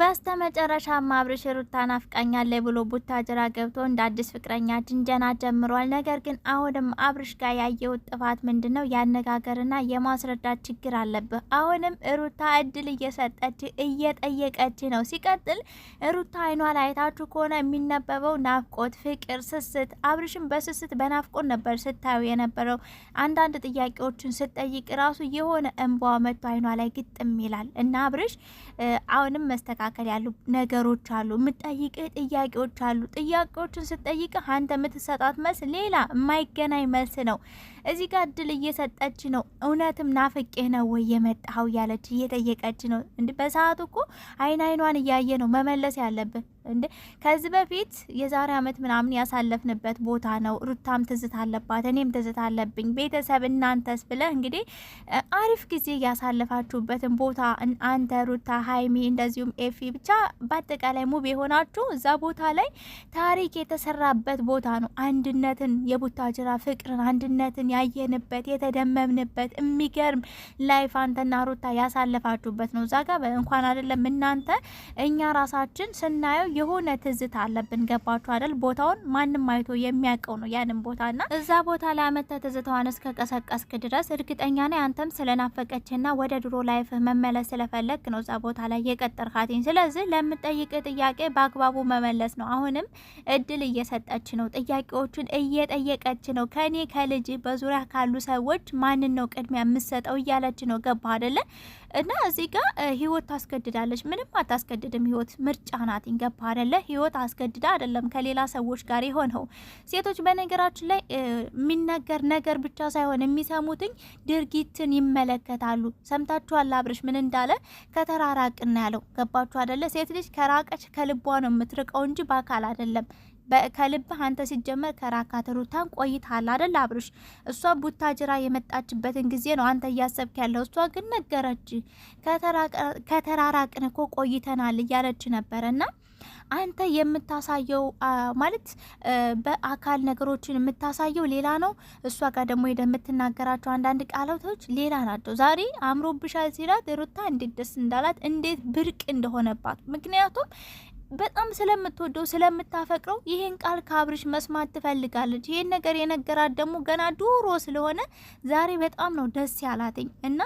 በስተ መጨረሻ አብርሽ ሩታን አፍቃኛለች ብሎ ቡታጅራ ገብቶ እንደ አዲስ ፍቅረኛ ድንጀና ጀምሯል። ነገር ግን አሁንም አብርሽ ጋር ያየሁት ጥፋት ምንድን ነው? ያነጋገርና የማስረዳት ችግር አለብህ። አሁንም ሩታ እድል እየሰጠች እየጠየቀች ነው። ሲቀጥል ሩታ አይኗ ላይ አይታችሁ ከሆነ የሚነበበው ናፍቆት፣ ፍቅር፣ ስስት አብርሽም በስስት በናፍቆት ነበር ስታዩ የነበረው። አንዳንድ ጥያቄዎችን ስጠይቅ ራሱ የሆነ እንባ መጥቶ አይኗ ላይ ግጥም ይላል እና አብርሽ አሁንም መስተካከል መካከል ያሉ ነገሮች አሉ፣ የምጠይቅ ጥያቄዎች አሉ። ጥያቄዎችን ስጠይቅ አንተ የምትሰጣት መልስ ሌላ የማይገናኝ መልስ ነው። እዚህ ጋር እድል እየሰጠች ነው። እውነትም ናፍቄ ነው ወይ የመጣኸው እያለች እየጠየቀች ነው። እንዲ በሰዓቱ እኮ አይን አይኗን እያየ ነው መመለስ ያለብን። እንደ ከዚህ በፊት የዛሬ አመት ምናምን ያሳለፍንበት ቦታ ነው። ሩታም ትዝት አለባት፣ እኔም ትዝት አለብኝ። ቤተሰብ እናንተስ ብለ እንግዲህ አሪፍ ጊዜ ያሳለፋችሁበትን ቦታ አንተ ሩታ፣ ሀይሚ እንደዚሁም ኤፊ ብቻ በአጠቃላይ ሙብ የሆናችሁ እዛ ቦታ ላይ ታሪክ የተሰራበት ቦታ ነው። አንድነትን የቡታጅራ ፍቅርን አንድነትን ያየንበት የተደመምንበት የሚገርም ላይፍ አንተና ሩታ ያሳለፋችሁበት ነው። እዛ ጋር እንኳን አይደለም እናንተ እኛ ራሳችን ስናየው የሆነ ትዝታ አለብን። ገባችሁ አይደል? ቦታውን ማንም አይቶ የሚያውቀው ነው ያንን ቦታ ና እዛ ቦታ ላይ አመተ ትዝታዋን እስከ ቀሰቀስክ ድረስ እርግጠኛ ና አንተም ስለናፈቀችና ወደ ድሮ ላይፍህ መመለስ ስለፈለግ ነው እዛ ቦታ ላይ የቀጠርካትኝ። ስለዚህ ለምጠይቅ ጥያቄ በአግባቡ መመለስ ነው። አሁንም እድል እየሰጠች ነው፣ ጥያቄዎቹን እየጠየቀች ነው። ከኔ ከልጅ በዙሪያ ካሉ ሰዎች ማንን ነው ቅድሚያ የምሰጠው እያለች ነው። ገባ አይደለ? እና እዚህ ጋር ህይወት ታስገድዳለች። ምንም አታስገድድም። ህይወት ምርጫ ናት። ገባ አደለ? ህይወት አስገድዳ አይደለም ከሌላ ሰዎች ጋር የሆነው። ሴቶች በነገራችን ላይ የሚነገር ነገር ብቻ ሳይሆን የሚሰሙትኝ ድርጊትን ይመለከታሉ። ሰምታችኋል አብርሽ ምን እንዳለ ከተራራቅና ያለው ገባችሁ አደለ? ሴት ልጅ ከራቀች ከልቧ ነው የምትርቀው እንጂ በአካል አደለም። ከልብህ አንተ ሲጀመር ከራካት ሩታን ቆይታል አደል አብርሽ? እሷ ቡታጅራ የመጣችበትን ጊዜ ነው አንተ እያሰብክ ያለው። እሷ ግን ነገረች፣ ከተራራቅን እኮ ቆይተናል እያለች ነበረና አንተ የምታሳየው ማለት በአካል ነገሮችን የምታሳየው ሌላ ነው። እሷ ጋር ደግሞ ሄደ የምትናገራቸው አንዳንድ ቃላቶች ሌላ ናቸው። ዛሬ አምሮብሻል ሲላት ሩታ እንዴት ደስ እንዳላት እንዴት ብርቅ እንደሆነባት ምክንያቱም በጣም ስለምትወደው ስለምታፈቅረው ይህን ቃል ከአብርሽ መስማት ትፈልጋለች። ይህን ነገር የነገራት ደግሞ ገና ዱሮ ስለሆነ ዛሬ በጣም ነው ደስ ያላትኝ እና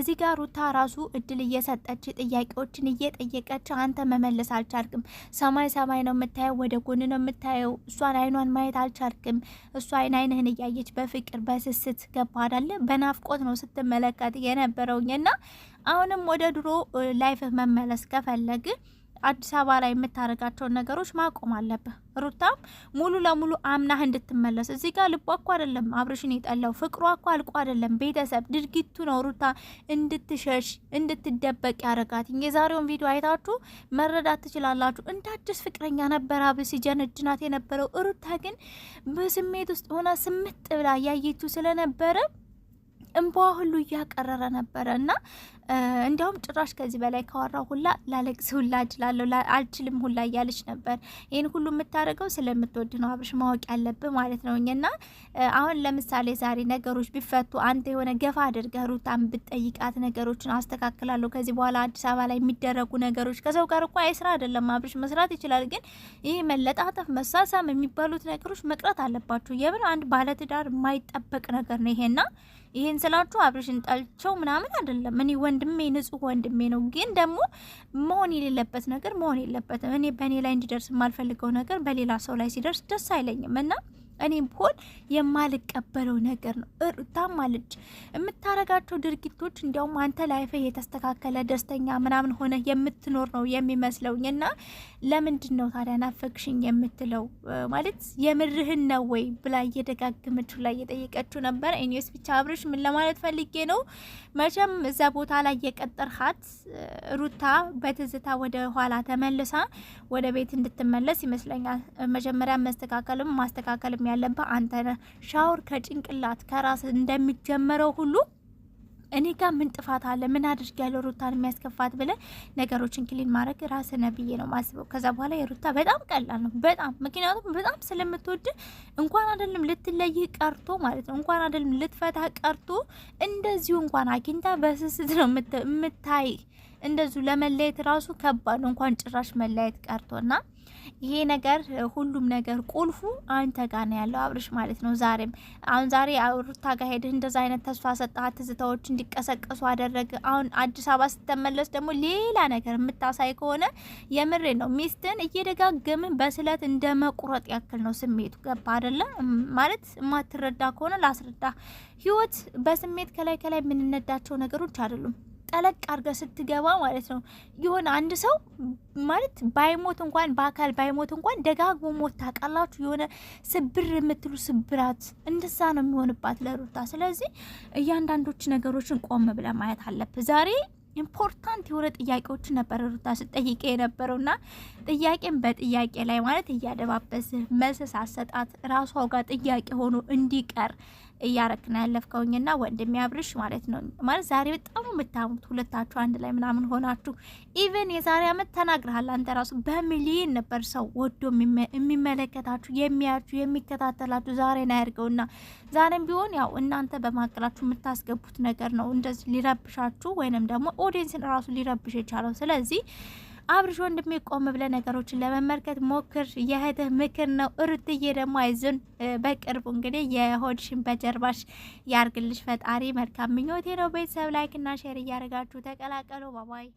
እዚህ ጋር ሩታ ራሱ እድል እየሰጠች ጥያቄዎችን እየጠየቀች አንተ መመለስ አልቻልክም፣ ሰማይ ሰማይ ነው የምታየው፣ ወደ ጎን ነው የምታየው፣ እሷን አይኗን ማየት አልቻልክም። እሷ አይን አይንህን እያየች በፍቅር በስስት ገባ አይደለ በናፍቆት ነው ስትመለከት የነበረውኝ እና አሁንም ወደ ድሮ ላይፍህ መመለስ ከፈለግ አዲስ አበባ ላይ የምታደርጋቸውን ነገሮች ማቆም አለብህ። ሩታም ሙሉ ለሙሉ አምናህ እንድትመለስ እዚህ ጋር ልቧ እኮ አይደለም አብርሽን የጠላው ፍቅሯ እኮ አልቆ አይደለም ቤተሰብ ድርጊቱ ነው። ሩታ እንድትሸሽ እንድትደበቅ ያደረጋት የዛሬውን ቪዲዮ አይታችሁ መረዳት ትችላላችሁ። እንደ አዲስ ፍቅረኛ ነበር አብ ሲጀነጅናት የነበረው ሩታ ግን በስሜት ውስጥ ሆና ስምጥ ብላ ያየችው ስለነበረ እንባ ሁሉ እያቀረረ ነበረ እና እንዲያውም ጭራሽ ከዚህ በላይ ካወራው ሁላ ላለቅስ ሁላ እችላለሁ አልችልም ሁላ እያለች ነበር። ይህን ሁሉ የምታደርገው ስለምትወድ ነው አብርሽ ማወቅ ያለብህ ማለት ነው። እና አሁን ለምሳሌ ዛሬ ነገሮች ቢፈቱ አንተ የሆነ ገፋ አድርገህ ሩታን ብትጠይቃት ነገሮችን አስተካክላለሁ ከዚህ በኋላ አዲስ አበባ ላይ የሚደረጉ ነገሮች ከሰው ጋር እኮ አይ ስራ አይደለም አብርሽ መስራት ይችላል፣ ግን ይህ መለጣጠፍ፣ መሳሳም የሚባሉት ነገሮች መቅረት አለባቸው። የምን አንድ ባለትዳር የማይጠበቅ ነገር ነው ይሄና ይህን ስላችሁ አብርሽን ጠልቸው ምናምን አይደለም እኔ ወንድ ወንድሜ ንጹህ ወንድሜ ነው። ግን ደግሞ መሆን የሌለበት ነገር መሆን የለበትም። እኔ በእኔ ላይ እንዲደርስ የማልፈልገው ነገር በሌላ ሰው ላይ ሲደርስ ደስ አይለኝም እና እኔም ብሆን የማልቀበለው ነገር ነው። ሩታም አለች የምታረጋቸው ድርጊቶች እንዲያውም አንተ ላይፈ የተስተካከለ ደስተኛ ምናምን ሆነ የምትኖር ነው የሚመስለውኝ። እና ለምንድን ነው ታዲያ ናፈቅሽኝ የምትለው ማለት የምርህን ነው ወይ ብላ እየደጋግመችው ላይ እየጠየቀችው ነበር። ኢኒስ ብቻ አብርሽ ምን ለማለት ፈልጌ ነው መቼም እዛ ቦታ ላይ የቀጠርሃት ሩታ በትዝታ ወደ ኋላ ተመልሳ ወደ ቤት እንድትመለስ ይመስለኛል። መጀመሪያ መስተካከልም ማስተካከልም ያለበ ያለብህ አንተ ነህ። ሻወር ከጭንቅላት ከራስ እንደሚጀመረው ሁሉ እኔ ጋር ምን ጥፋት አለ? ምን አድርግ ያለው ሩታን የሚያስከፋት ብለን ነገሮችን ክሊን ማድረግ ራስ ነህ ብዬ ነው ማስበው። ከዛ በኋላ የሩታ በጣም ቀላል ነው። በጣም ምክንያቱም በጣም ስለምትወድ እንኳን አይደለም ልትለይህ ቀርቶ ማለት ነው፣ እንኳን አይደለም ልትፈታ ቀርቶ እንደዚሁ እንኳን አግኝታ በስስት ነው የምታይ። እንደዚሁ ለመለየት ራሱ ከባድ ነው፣ እንኳን ጭራሽ መለየት ቀርቶና ይሄ ነገር ሁሉም ነገር ቁልፉ አንተ ጋር ነው ያለው አብርሽ ማለት ነው። ዛሬም አሁን ዛሬ ሩታ ጋር ሄድህ፣ እንደዛ አይነት ተስፋ ሰጠሃት፣ ትዝታዎች እንዲቀሰቀሱ አደረገ። አሁን አዲስ አበባ ስትመለስ ደግሞ ሌላ ነገር የምታሳይ ከሆነ የምሬ ነው ሚስትን እየደጋገምን በስለት እንደ መቁረጥ ያክል ነው ስሜቱ። ገባ አደለ ማለት የማትረዳ ከሆነ ላስረዳ። ህይወት በስሜት ከላይ ከላይ የምንነዳቸው ነገሮች አይደሉም። ጠለቅ አድርገ ስትገባ ማለት ነው የሆነ አንድ ሰው ማለት ባይሞት እንኳን በአካል ባይሞት እንኳን ደጋግሞ ሞት ታውቃላችሁ። የሆነ ስብር የምትሉ ስብራት እንደዛ ነው የሚሆንባት ለሩታ። ስለዚህ እያንዳንዶች ነገሮችን ቆም ብለን ማየት አለብን። ዛሬ ኢምፖርታንት የሆነ ጥያቄዎችን ነበረ ሩታ ስጠይቅ የነበረውና ጥያቄን በጥያቄ ላይ ማለት እያደባበስህ መልስ ሳሰጣት ራሷ ጋር ጥያቄ ሆኖ እንዲቀር እያረክና ያለፍከውኝና ወንድሜ አብርሽ ማለት ነው። ማለት ዛሬ በጣም የምታሙት ሁለታችሁ አንድ ላይ ምናምን ሆናችሁ ኢቨን የዛሬ አመት ተናግረሃል። አንተ ራሱ በሚሊዮን ነበር ሰው ወዶ የሚመለከታችሁ የሚያችሁ የሚከታተላችሁ ዛሬን አያድርገውና ዛሬም ቢሆን ያው እናንተ በማቀላችሁ የምታስገቡት ነገር ነው እንደዚህ ሊረብሻችሁ ወይንም ደግሞ ኦዲየንስን ራሱ ሊረብሽ የቻለው ስለዚህ አብርሽ ወንድሜ ቆም ብለ ነገሮችን ለመመልከት ሞክር፣ የእህትህ ምክር ነው። እርትዬ ደግሞ አይዞን፣ በቅርቡ እንግዲህ የሆድሽን በጀርባሽ ያርግልሽ ፈጣሪ። መልካም ምኞቴ ነው። ቤተሰብ ላይክ እና ሼር እያደረጋችሁ ተቀላቀሉ። ባባይ